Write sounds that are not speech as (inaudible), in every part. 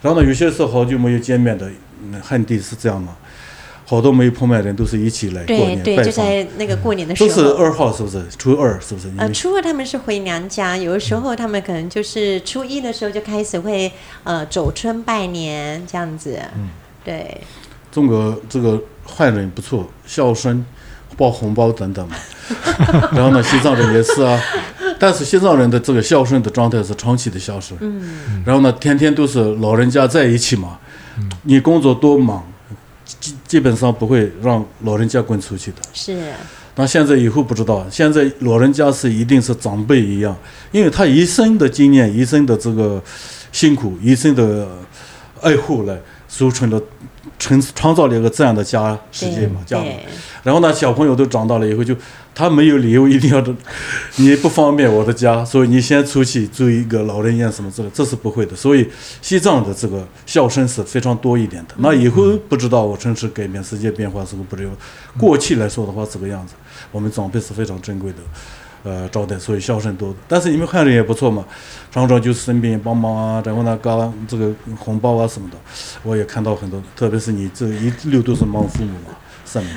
然後呢，有些是好久沒有見面的，嗯、漢地是這樣嘛，好多沒有碰面的人都是一起來過年，對對，對訪就在那個過年的時候。嗯、都是二號是不是？初二是不是？呃，初二他們是回娘家，有的時候他們可能就是初一的時候就開始會呃走春拜年這樣子。嗯、對。中國這個漢人不錯，孝順，包紅包等等嘛。 (laughs) 然後呢，西藏人也是啊。 (laughs) 但是西藏人的這個孝順的狀態是長期的孝順，嗯，然後呢，天天都是老人家在一起嘛，嗯、你工作多忙，基基本上不會讓老人家滾出去的。是、啊。那現在以後不知道，現在老人家是一定是長輩一樣，因為他一生的經驗、一生的這個辛苦、一生的愛護來促成的，創創造了一個這樣的家世界嘛，家。然後呢，小朋友都長大了以後就。他沒有理由一定要這，你不方便我的家，所以你先出去住一個老人院什麼之類，這是不會的。所以西藏的這個孝順是非常多一點的。那以後不知道，我城市改變世界變化是不是不知道。過去來說的話，這個樣子，我們長輩是非常珍貴的，呃，招待，所以孝順多的。但是你們漢人也不錯嘛，常常就是身邊幫忙啊，然後呢，給這個紅包啊什麼的，我也看到很多，特別是你這一溜都是幫父母嘛。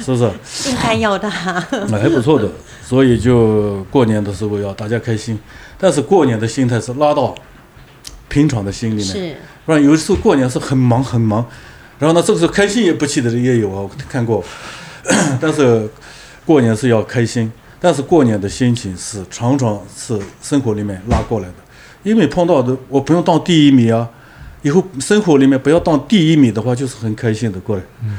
是不是？應該有的哈，那還不錯的，所以就過年的時候要大家開心。但是過年的心態是拉到平常的心裡面，不然有一次過年是很忙很忙。然後呢，這個時候開心也不記得，也有啊，我看過。但是過年是要開心，但是過年的心情是常常是生活裡面拉過來的，因為碰到的我不用當第一名啊，以後生活裡面不要當第一名的話，就是很開心的過來。嗯。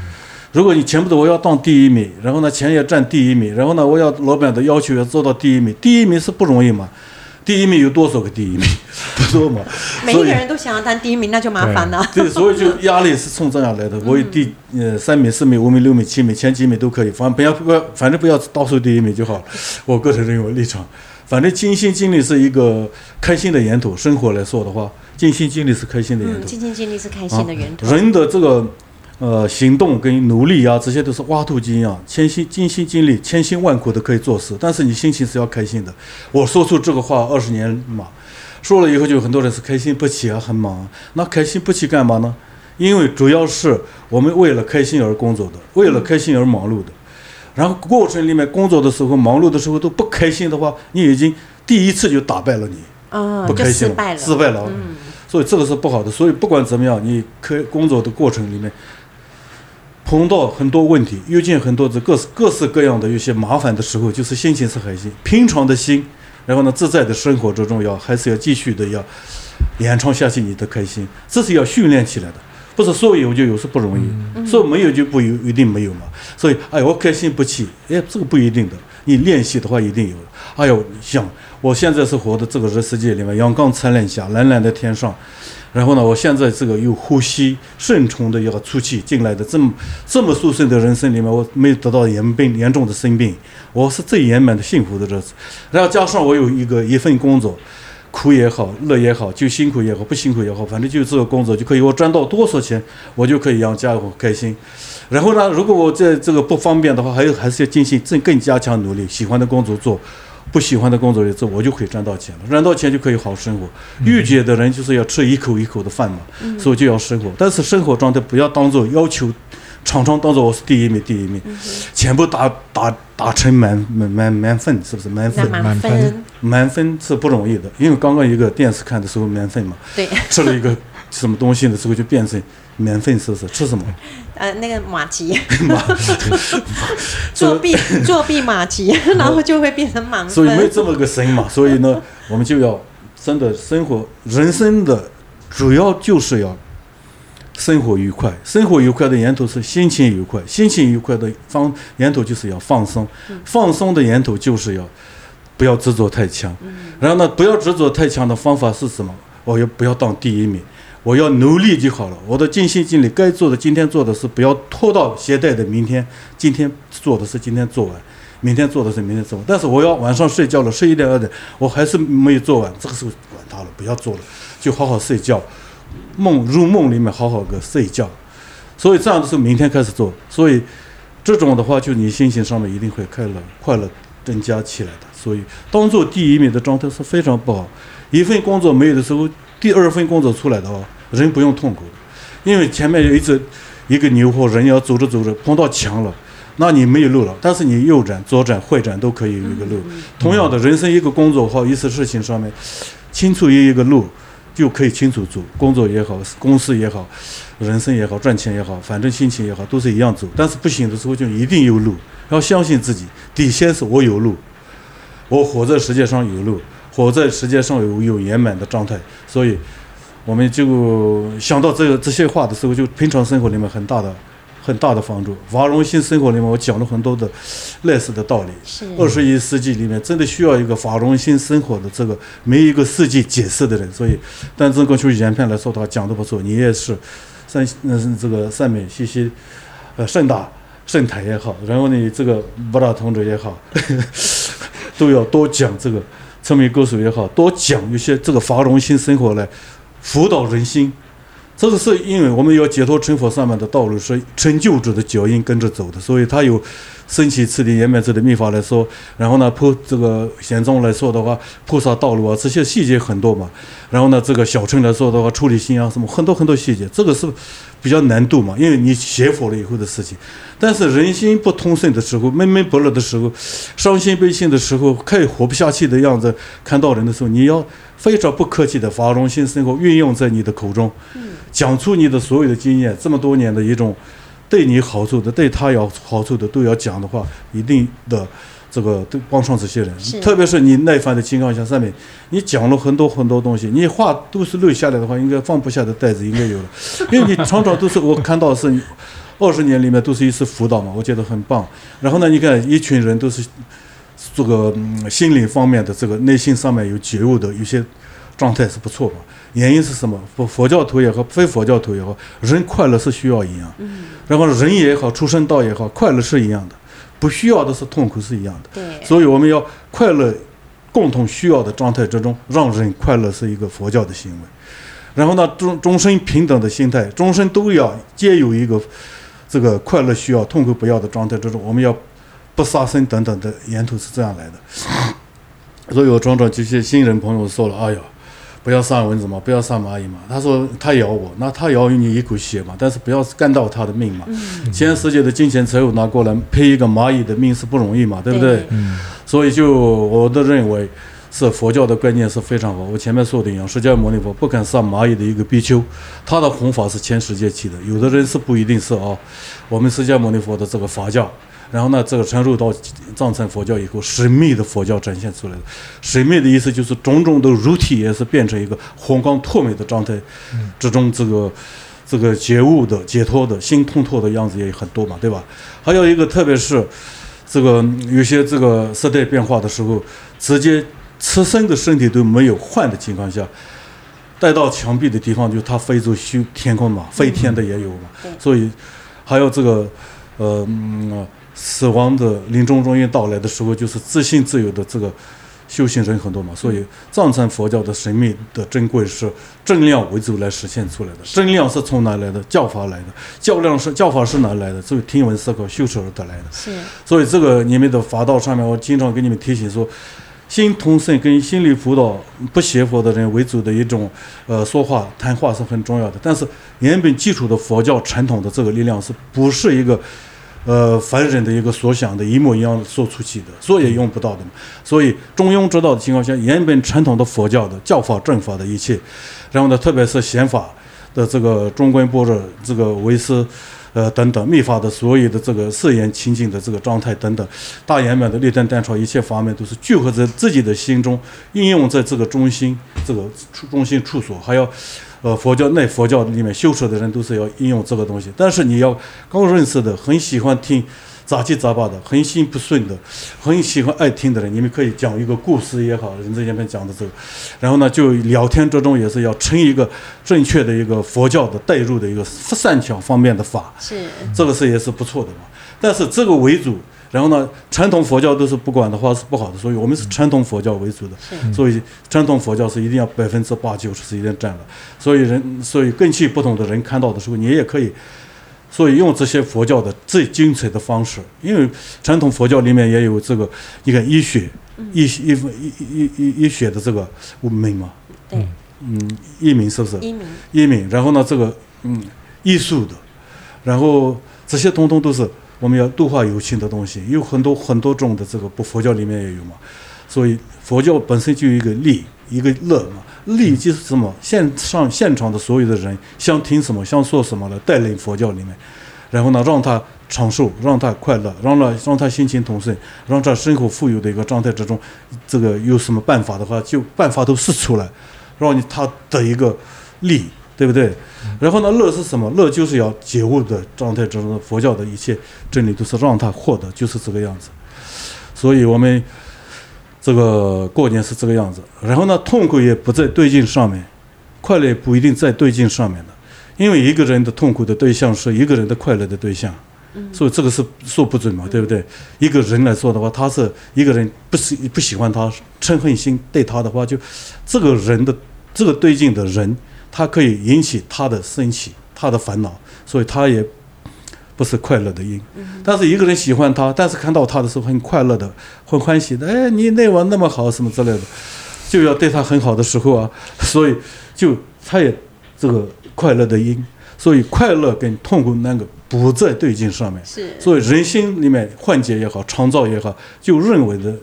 如果你錢不多，我要當第一名，然後呢，錢也占第一名，然後呢，我要老闆的要求要做到第一名。第一名是不容易嘛，第一名有多少個第一名，不多嘛。每一個人都想要當第一名，那就麻煩了。 (laughs) 煩了 (laughs) 對，對，所以就壓力是從這樣來的。我有、嗯、第呃三名、四名、五名、六名、七名、前幾名都可以，反正不要不反正不要倒數第一名就好，我個人認為立場，反正盡心盡力是一個開心的源頭。生活來說的話，盡心盡力是開心的源頭。盡、嗯、心盡力是開心的源頭、啊。人的這個。呃，行動跟努力啊，這些都是挖土機啊，千辛、盡心、精力、千辛萬苦的可以做事，但是你心情是要開心的。我說出這個話二十年嘛，說了以後就很多人是開心不起啊，很忙啊。那開心不起幹嘛呢？因為主要是我們為了開心而工作的，為了開心而忙碌的。然後過程裡面工作的時候、忙碌的時候都不開心的話，你已經第一次就打敗了你、嗯、不開心，失敗了。所以這個是不好的。所以不管怎麼樣，你可以工作的過程裡面，碰到很多問題，遇見很多的各式各式各樣的有些麻煩的時候，就是心情是開心。平常的心，然後呢，自在的生活之中要還是要繼續的要延長下去你的開心，這是要訓練起來的。不是說有就有，是不容易；嗯、說沒有就不有，一定沒有嘛。所以，哎，我開心不起，哎，這個不一定的。你練習的話，一定有。哎呦，像我現在是活在這個人世界裡面，陽光燦爛下，藍藍的天上。然後呢，我現在這個有呼吸、順從的一個出氣進來的這，這麼這麼殊勝的人生裡面，我沒有得到嚴病嚴重的生病，我是最圓滿的幸福的日子。然後加上我有一個一份工作，苦也好，樂也好，就辛苦也好，不辛苦也好，反正就這個工作就可以，我賺到多少錢，我就可以養家糊開心。然後呢，如果我在這個不方便的話，還有還是要進行更更加強努力，喜歡的工作做。不喜歡的工作也做，我就可以賺到錢了，賺到錢就可以好生活。御姐、嗯、哼的人就是要吃一口一口的飯嘛，嗯、哼所以就要生活。但是生活狀態不要當做要求，常常當做我是第一名第一名，嗯、哼全部打打打成滿滿滿滿分，是不是滿分？滿分，滿分，滿分是不容易的，因為剛剛一個電視看的時候滿分嘛，對，吃了一個什麼東西的時候就變成滿分，是不是？吃什麼？ (laughs) 呃，那個馬吉 (laughs) 作弊作弊馬吉，然後就會變成盲、啊。所以沒這麼個神嘛，所以呢，我們就要真的生活，人生的主要就是要生活愉快。生活愉快的源頭是心情愉快，心情愉快的方源頭就是要放鬆，放鬆的源頭就是要不要執着太強。嗯、然後呢，不要執着太強的方法是什麼？我也不要當第一名。我要努力就好了，我的盡心盡力，該做的今天做的是不要拖到攜帶的明天，今天做的是今天做完，明天做的是明天做完。但是我要晚上睡覺了，十一點二點，我還是沒有做完，這個時候管他了，不要做了，就好好睡覺，夢入夢裡面好好的睡覺。所以這樣的時候，明天開始做，所以這種的話，就你心情上面一定會快樂，快樂增加起來的。所以當做第一名的狀態是非常不好，一份工作沒有的時候，第二份工作出來的話，人不用痛苦，因為前面有一隻一個牛或人要走着走着碰到牆了，那你沒有路了。但是你右轉、左轉、壞轉都可以有一個路。同樣的人生一個工作或一次事情上面，清楚有一個路，就可以清楚走。工作也好，公司也好，人生也好，賺錢也好，反正心情也好，都是一樣走。但是不行的時候就一定有路，要相信自己。底線是我有路，我活在世界上有路。活在世界上有有圓滿的狀態，所以我們就想到這個這些話的時候，就平常生活裡面很大的很大的幫助。法融心生活裡面，我講了很多的類似的道理。啊、二十一世紀裡面真的需要一個法融心生活的這個每一個世紀解釋的人。所以，但這個就原片來說，他講的不錯。你也是三，三嗯這個三美西西，呃聖達聖台也好，然後呢這個博大同志也好呵呵，都要多講這個。著名歌手也好，多講一些這個法融心生活來輔導人心。這個是因為我們要解脫成佛上面的道路，是成就者的腳印跟着走的，所以他有生起次第圓滿次的秘法來說，然後呢破這個顯宗來說的話，菩薩道路啊這些細節很多嘛，然後呢這個小乘來說的話，處理心啊什麼很多很多細節，這個是比較難度嘛，因為你解佛了以後的事情，但是人心不通順的時候，悶悶不樂的時候，傷心悲心的時候，可以活不下去的樣子看到人的時候，你要。非常不客氣的法融心生活運用在你的口中，嗯、講出你的所有的經驗，這麼多年的一種對你好處的對他有好處的都要講的話，一定的這個都幫上這些人。是特別是你耐煩的情況下，上面你講了很多很多東西，你話都是錄下來的話，應該放不下的袋子應該有了，因為你常常都是我看到是二十年裡面都是一次輔導嘛，我覺得很棒。然後呢，你看一群人都是。這個嗯，心靈方面的這個內心上面有覺悟的，有些狀態是不錯吧？原因是什麼？佛佛教徒也好，非佛教徒也好，人快樂是需要一樣。然後人也好，畜生道也好，快樂是一樣的，不需要的是痛苦是一樣的。所以我們要快樂，共同需要的狀態之中，讓人快樂是一個佛教的行為。然後呢，眾眾生平等的心態，眾生都要皆有一個這個快樂需要、痛苦不要的狀態之中，我們要。不殺生等等的源頭是這樣來的。以有種種這些新人朋友說了：“哎呀，不要殺蚊子嘛，不要殺螞蟻嘛。”他說：“他咬我，那他咬你一口血嘛，但是不要幹到他的命嘛。嗯、全世界的金錢財物拿過來賠一個螞蟻的命是不容易嘛，對不對？”嗯、所以就我的認為是佛教的觀念是非常好。我前面說的一樣，釋迦牟尼佛不肯殺螞蟻的一個比丘，他的弘法是全世界起的。有的人是不一定是啊、哦，我們釋迦牟尼佛的這個法教。然後呢，這個傳入到藏傳佛教以後，神秘的佛教展現出來的。神秘的意思就是種種的肉體也是變成一個虹光透明的狀態，嗯、之中這個這個覺悟的解脫的心通透的樣子也很多嘛，對吧？還有一個，特別是這個有些這個時代變化的時候，直接自身的身體都沒有換的情況下，帶到牆壁的地方，就他飛走修天空嘛，飛天的也有嘛，嗯嗯所以還有這個呃。嗯死亡的臨終終於到來的時候，就是自信自由的這個修行人很多嘛，所以藏傳佛教的神秘的珍貴是正量為主來實現出來的。正量是從哪來的？教法來的。教量是教法是哪來的？就是聽聞思考修持而得來的是。所以這個你們的法道上面，我經常給你們提醒說，心同性跟心理輔導不學佛的人為主的一種呃說話談話是很重要的。但是原本基礎的佛教傳統的這個力量是不是一個？呃，凡人的一個所想的，一模一樣的說出去的，說也用不到的。所以中庸之道的情況下，原本傳統的佛教的教法、正法的一切，然後呢，特別是顯法的這個中觀部的這個唯識呃，等等，密法的所有的這個色眼清淨的這個狀態等等，大圓滿的列燈、單超一切方面都是聚合在自己的心中，應用在這個中心這個處中心處所，還要，呃，佛教那佛教裡面修持的人都是要應用這個東西，但是你要剛認識的，很喜歡聽。雜七雜八的、很心不順的、很喜歡愛聽的人，你們可以講一個故事也好，人家前面講的這個，然後呢，就聊天之中也是要成一個正確的一個佛教的帶入的一個善巧方面的法，是這個是也是不錯的嘛。但是這個為主，然後呢傳統佛教都是不管的話是不好的，所以我們是傳統佛教為主的，是所以傳統佛教是一定要百分之八九十是一定占的。所以人所以根據不同的人看到的時候，你也可以。所以用這些佛教的最精彩的方式，因為傳統佛教裡面也有這個你看醫學、嗯、醫醫醫醫醫醫學的這個文明嘛。對嗯，醫明是不是？醫明名。然後呢，這個嗯，藝術的，然後這些統統都是我們要度化有情的東西，有很多很多種的這個，不佛教裡面也有嘛。所以佛教本身就有一個利一個樂嘛。利就是什麼？現上現場的所有的人想聽什麼，想說什麼，來帶領佛教裡面。然後呢，讓他長壽，讓他快樂，讓他讓他心情通順，讓他生活富有的一個狀態之中，這個有什麼辦法的話，就辦法都試出來，讓你他的一個利，對不對？然後呢，樂是什麼？樂就是要覺悟的狀態之中，佛教的一切真理都是讓他獲得，就是這個樣子。所以我們。這個過年是這個樣子，然後呢，痛苦也不在對境上面，快樂也不一定在對境上面的，因為一個人的痛苦的對象是一個人的快樂的對象，嗯、所以這個是說不準嘛，對不對？嗯、一個人來說的話，他是一個人不是不喜歡他嗔恨心對他的話，就這個人的、嗯、這個對境的人，他可以引起他的生氣，他的煩惱，所以他也。不是快樂的因，但是一個人喜歡他，但是看到他的時候很快樂的，很歡喜的。哎，你內網那麼好，什麼之類的，就要對他很好的時候啊，所以就他也這個快樂的因，所以快樂跟痛苦那個不在對境上面。所以人心裡面幻覺也好，創造也好，就認為的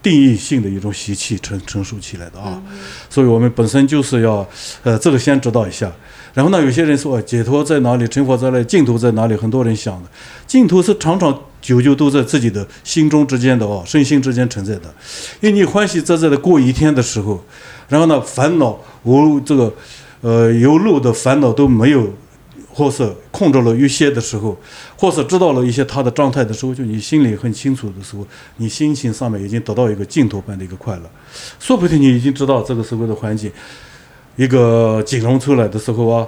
定義性的一種習氣成成熟起來的啊。所以，我們本身就是要，呃，這個先知道一下。然後呢，有些人說，解脫在哪裡？成佛在哪裡？淨土在哪裡？很多人想的淨土是長長久久都在自己的心中之間的哦，身心之間存在的。因為你歡喜自在的過一天的時候，然後呢，煩惱無這個，呃，有漏的煩惱都沒有，或是控制了一些的時候，或是知道了一些他的狀態的時候，就你心裡很清楚的時候，你心情上面已經得到一個淨土般的一個快樂，說不定你已經知道這個社會的環境。一個錦龍出來的時候啊，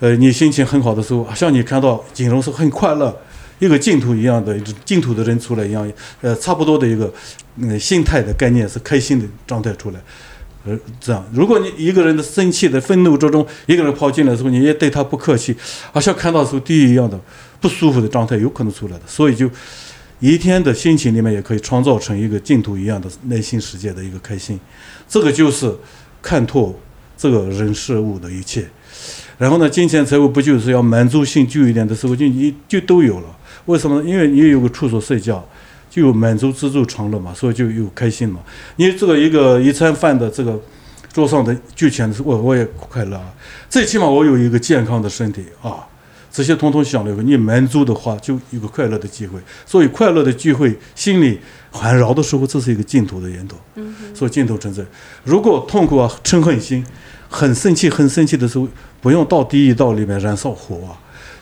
呃，你心情很好的時候，像你看到錦龍是很快樂，一個淨土一樣的淨土的人出來一樣，呃，差不多的一個嗯心態的概念是開心的狀態出來，呃，這樣。如果你一個人的生氣的憤怒之中，一個人跑進來的時候，你也對他不客氣，好像看到是地獄一樣的不舒服的狀態，有可能出來的。所以就一天的心情裡面也可以創造成一個淨土一樣的內心世界的一個開心，這個就是看透這個人事物的一切，然後呢，金錢財物不就是要滿足性就一點的時候，就你就都有了。為什麼？因為你有個處所睡覺，就有滿足知足常樂嘛，所以就有開心嘛。你這個一個一餐飯的這個桌上的聚錢的時候，我，我也快樂，啊。最起碼我有一個健康的身體啊，這些通通想了以後，你滿足的話，就有個快樂的機會。所以快樂的聚會，心裡環繞的時候，這是一個淨土的源頭。嗯、哼所以淨土存在，如果痛苦啊，嗔恨心。很生氣，很生氣的時候，不用到地獄道裡面燃燒火啊！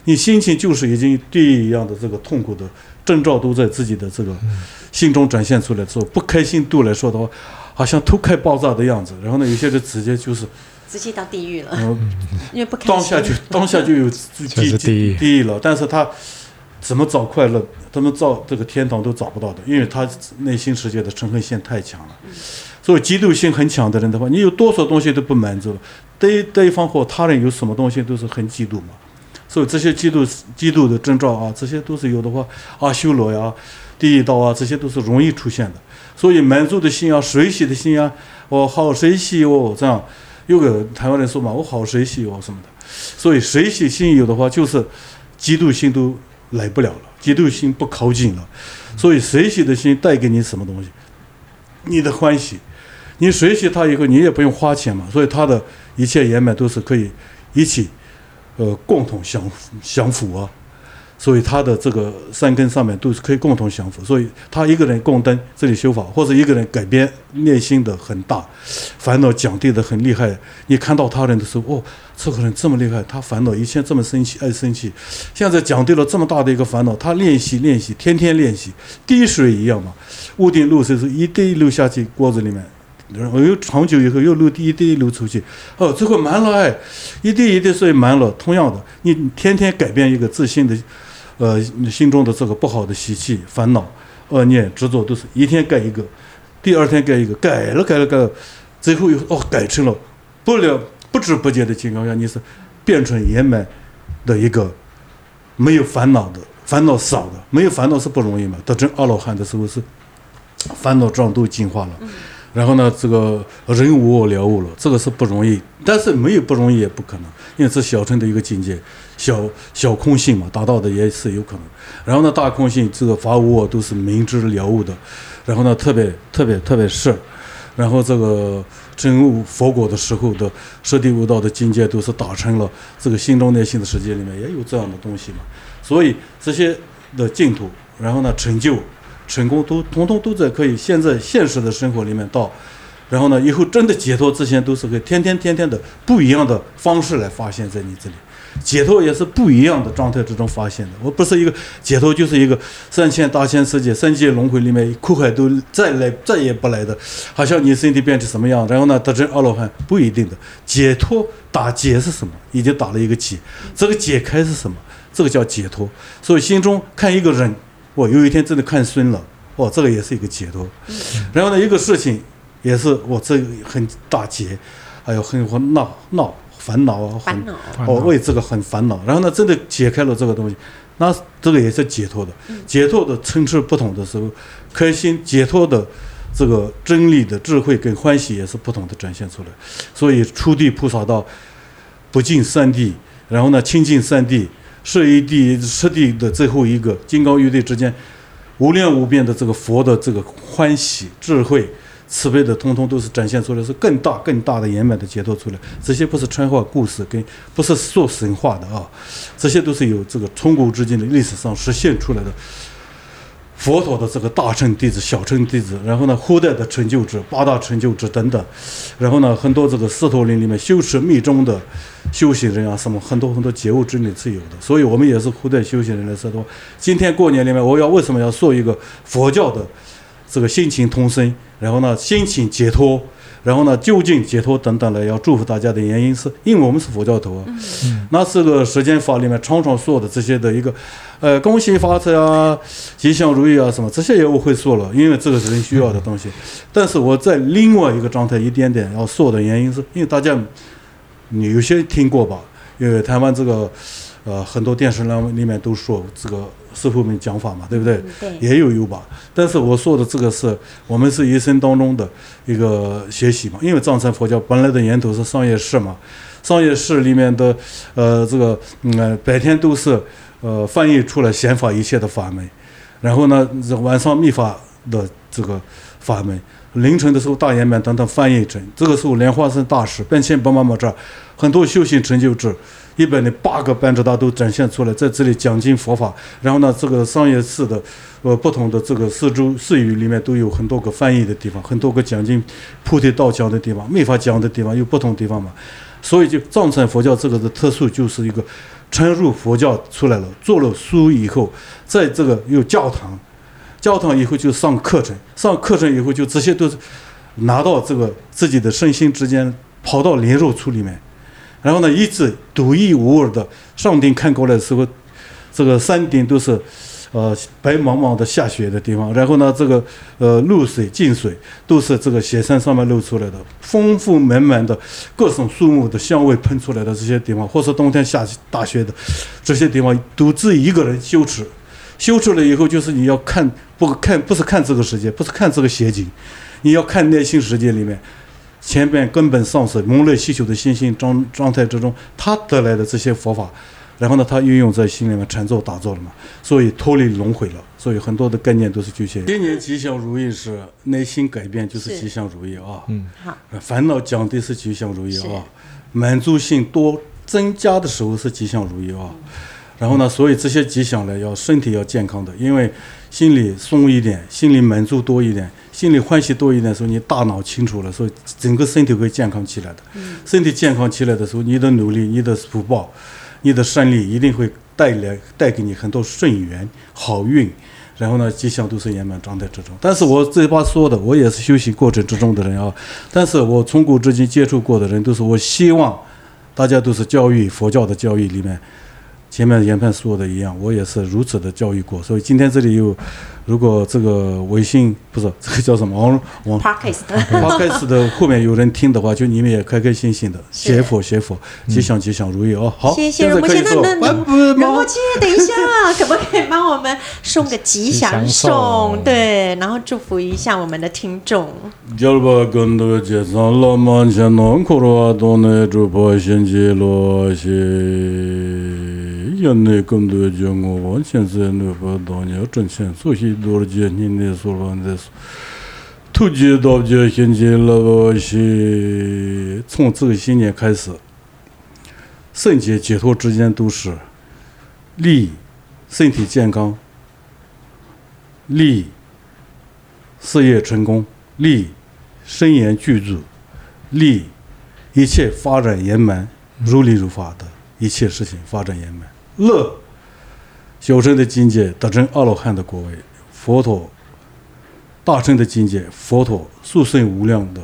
你心情就是已經地獄一樣的這個痛苦的徵兆，都在自己的這個心中展現出來之後，不開心度來說的話，好像都快爆炸的樣子。然後呢，有些人直接就是直接到地獄了，嗯、因為不開心當下就當下有就有地獄地獄了。但是他怎麼找快樂，他們找這個天堂都找不到的，因為他內心世界的仇恨心太強了。嗯所以嫉妒心很強的人的話，你有多少東西都不滿足，對對方或他人有什麼東西都是很嫉妒嘛。所以這些嫉妒、嫉妒的徵兆啊，這些都是有的話，阿修羅呀、地獄道啊，這些都是容易出現的。所以滿足的心啊，隨喜的心啊，我好隨喜哦，這樣又跟台灣人說嘛，我好隨喜哦什麼的。所以隨喜心有的話，就是嫉妒心都來不了了，嫉妒心不靠近了。所以隨喜的心帶給你什麼東西，你的歡喜。你學習他以後，你也不用花錢嘛，所以他的一切圓滿都是可以一起，呃，共同享享福啊。所以他的這個三根上面都是可以共同享福。所以他一個人供燈這裡修法，或者一個人改變內心的很大煩惱，降低的很厲害。你看到他人的時候，哦，這個人這麼厲害，他煩惱以前這麼生氣，愛生氣，現在降低了這麼大的一個煩惱，他練習練習，天天練習，滴水一樣嘛，屋頂漏水是一滴一滴流下去鍋子裡面。然後又長久以後又漏一滴一滴漏出去，哦，最後滿了哎，一滴一滴水滿了。同樣的，你天天改變一個自信的，呃，你心中的這個不好的習氣、煩惱、惡念、執着，都是一天改一個，第二天改一個，改了改了改了，最後又哦改成了，不了，不知不覺的情況下，你是變成圓滿的一個，沒有煩惱的，煩惱少的，沒有煩惱是不容易嘛。到這阿羅漢的時候是，煩惱障都淨化了。嗯然後呢，這個人無我了悟了，這個是不容易，但是沒有不容易也不可能，因為是小乘的一個境界，小小空性嘛，達到的也是有可能。然後呢，大空性這個法無我都是明知了悟的，然後呢，特別特別特別是，然後這個證悟佛果的時候的十地五道的境界都是達成了，這個心中內心的世界裡面也有這樣的東西嘛，所以這些的淨土，然後呢成就。成功都統統都在可以現在現實的生活裡面到，然後呢，以後真的解脫之前都是個天天天天的不一樣的方式來發現，在你這裡解脫也是不一樣的狀態之中發現的。我不是一個解脫，就是一個三千大千世界、三界輪迴裡面苦海都再來再也不來的，好像你身體變成什麼樣，然後呢，得證阿羅漢不一定的解脫，打結是什麼？已經打了一個結。這個解開是什麼？這個叫解脫。所以心中看一個人。我有一天真的看孫了，哦，這個也是一個解脫。然後呢，一個事情也是我這個、很大劫，還、哎、有很煩惱惱煩惱啊，煩惱，我為惱、哦、這個很煩惱。然後呢，真的解開了這個東西，那這個也是解脫的，解脫的層次不同的時候，開心解脫的這個真理的智慧跟歡喜也是不同的展現出來。所以初地菩薩道不近三地，然後呢，親近三地。是地，十地的最後一個金剛玉帝之間，無量無邊的這個佛的這個歡喜智慧慈悲的，通通都是展現出來，是更大更大的圓滿的解脫出來。這些不是神話故事，跟不是說神話的啊，這些都是有這個從古至今的歷史上實現出來的。佛陀的這個大乘弟子，小乘弟子，然後呢，後代的成就者，八大成就者等等，然後呢，很多這個寺陀林裡面修持密中的修行人啊，什麼很多很多覺悟之內是有的。所以，我們也是後代修行人來說的話，今天過年裡面，我要為什麼要做一個佛教的這個心情通身，然後呢，心情解脫，然後呢，究竟解脫等等的要祝福大家的原因是，因為我們是佛教徒啊。嗯、哼那這個十善法裡面常常說的這些的一個，呃，恭喜發財啊，吉祥如意啊，什麼這些也我會說了，因為這個是人需要的東西。嗯、但是我在另外一個狀態一點點要說的原因是，是因為大家你有些聽過吧？因為台灣這個。呃，很多電視欄目裡面都說這個師父們講法嘛，對不對？嗯、對，也有有吧。但是我說的這個是我們是一生當中的一個學習嘛。因為藏傳佛教本來的源頭是桑耶寺嘛，桑耶寺裡面的呃，這個嗯、呃、白天都是呃翻譯出來顯法一切的法門，然後呢，晚上密法的這個法門，凌晨的時候大圓滿等等翻譯成這個時候，蓮花生大師、班禪、幫媽媽這，這很多修行成就者。一般的八個班智達都展現出來，在這裡講經佛法，然後呢，這個上一次的，呃，不同的這個四周四語裡面都有很多個翻譯的地方，很多個講經菩提道講的地方，沒法講的地方有不同地方嘛，所以就藏傳佛教這個的特殊就是一個深入佛教出來了，做了書以後，在這個有教堂，教堂以後就上課程，上課程以後就直接都拿到這個自己的身心之間，跑到靈肉處裡面。然後呢，一直獨一無二的上頂看過來的時候，這個山頂都是，呃，白茫茫的下雪的地方。然後呢，這個呃露水、淨水都是這個雪山上面露出來的，豐富滿滿的各種樹木的香味噴出來的這些地方，或是冬天下雪大雪的這些地方，獨自一個人修持，修持了以後就是你要看不看，不是看這個世界，不是看這個雪景，你要看內心世界裡面。前邊根本喪失蒙勒需求的信心狀狀態之中，他得來的這些佛法，然後呢，他運用在心裡面禪坐打坐了嘛，所以脫離輪迴了，所以很多的概念都是局限，今年吉祥如意是內心改變就是吉祥如意啊，是嗯，好，煩惱降低是吉祥如意啊，是滿足性多增加的時候是吉祥如意啊，嗯、然後呢，所以這些吉祥呢，要身體要健康的，因為。心裡鬆一點，心裡滿足多一點，心裡歡喜多一點的時候，所以你大腦清楚了，所以整個身體會健康起來的。嗯、身體健康起來的時候，你的努力、你的福報、你的勝利，一定會帶來帶給你很多順緣、好運。然後呢，吉祥都是圓滿狀態之中。但是我嘴巴說的，我也是修行過程之中的人啊。但是我從古至今接觸過的人，都是我希望大家都是教育佛教的教育裡面。前面研判說的一樣，我也是如此的教育過，所以今天這裡有，如果這個微信不是這個叫什麼，我我 Podcast 的、嗯嗯、後面有人聽的話，就你們也開開心心的，學佛是，學佛，嗯、吉祥吉祥如意啊，哦！好，謝謝，我們請那那圓福姐等一下，可不可以幫我們送個吉祥送？祥送對，然後祝福一下我們的聽眾。要來更多叫我，我現在念佛多呢，真想所以多見你念在的。多見道見，現在那個是從這個新年開始，聖潔解脫之間都是利益身體健康，利事業成功，利身言具足，利益一切發展圓滿，如理如法的一切事情發展圓滿。樂小乘的境界，得證阿羅漢的果位；佛陀大乘的境界，佛陀速生無量的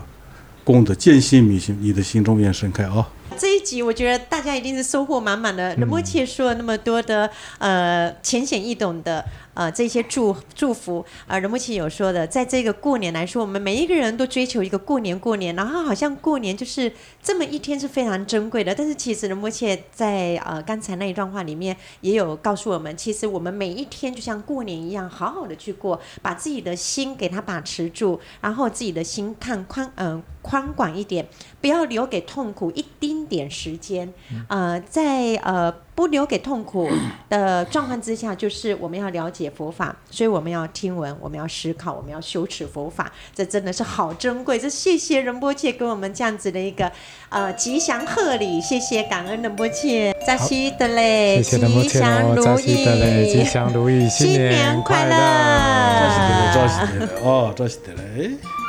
功德。堅信迷信，你的心中便盛開啊！這一集，我覺得大家一定是收穫滿滿的。仁波切說了那麼多的呃淺顯易懂的。呃，這些祝祝福，啊、呃，仁波切有說的，在這個過年來說，我們每一個人都追求一個過年過年，然後好像過年就是這麼一天是非常珍貴的。但是其實仁波切在呃剛才那一段話裡面也有告訴我們，其實我們每一天就像過年一樣，好好的去過，把自己的心給他把持住，然後自己的心看寬，嗯、呃，寬廣一點，不要留給痛苦一丁點時間，呃，在呃。不留給痛苦的狀況之下，就是我們要了解佛法，所以我們要聽聞，我們要思考，我們要修持佛法，這真的是好珍貴。這謝謝仁波切給我們這樣子的一個呃吉祥賀禮，謝謝感恩仁波切，扎好西德勒，謝謝哦、吉祥如意，扎西德勒，吉祥如意，新年快樂，扎西德勒，哦，扎西德勒。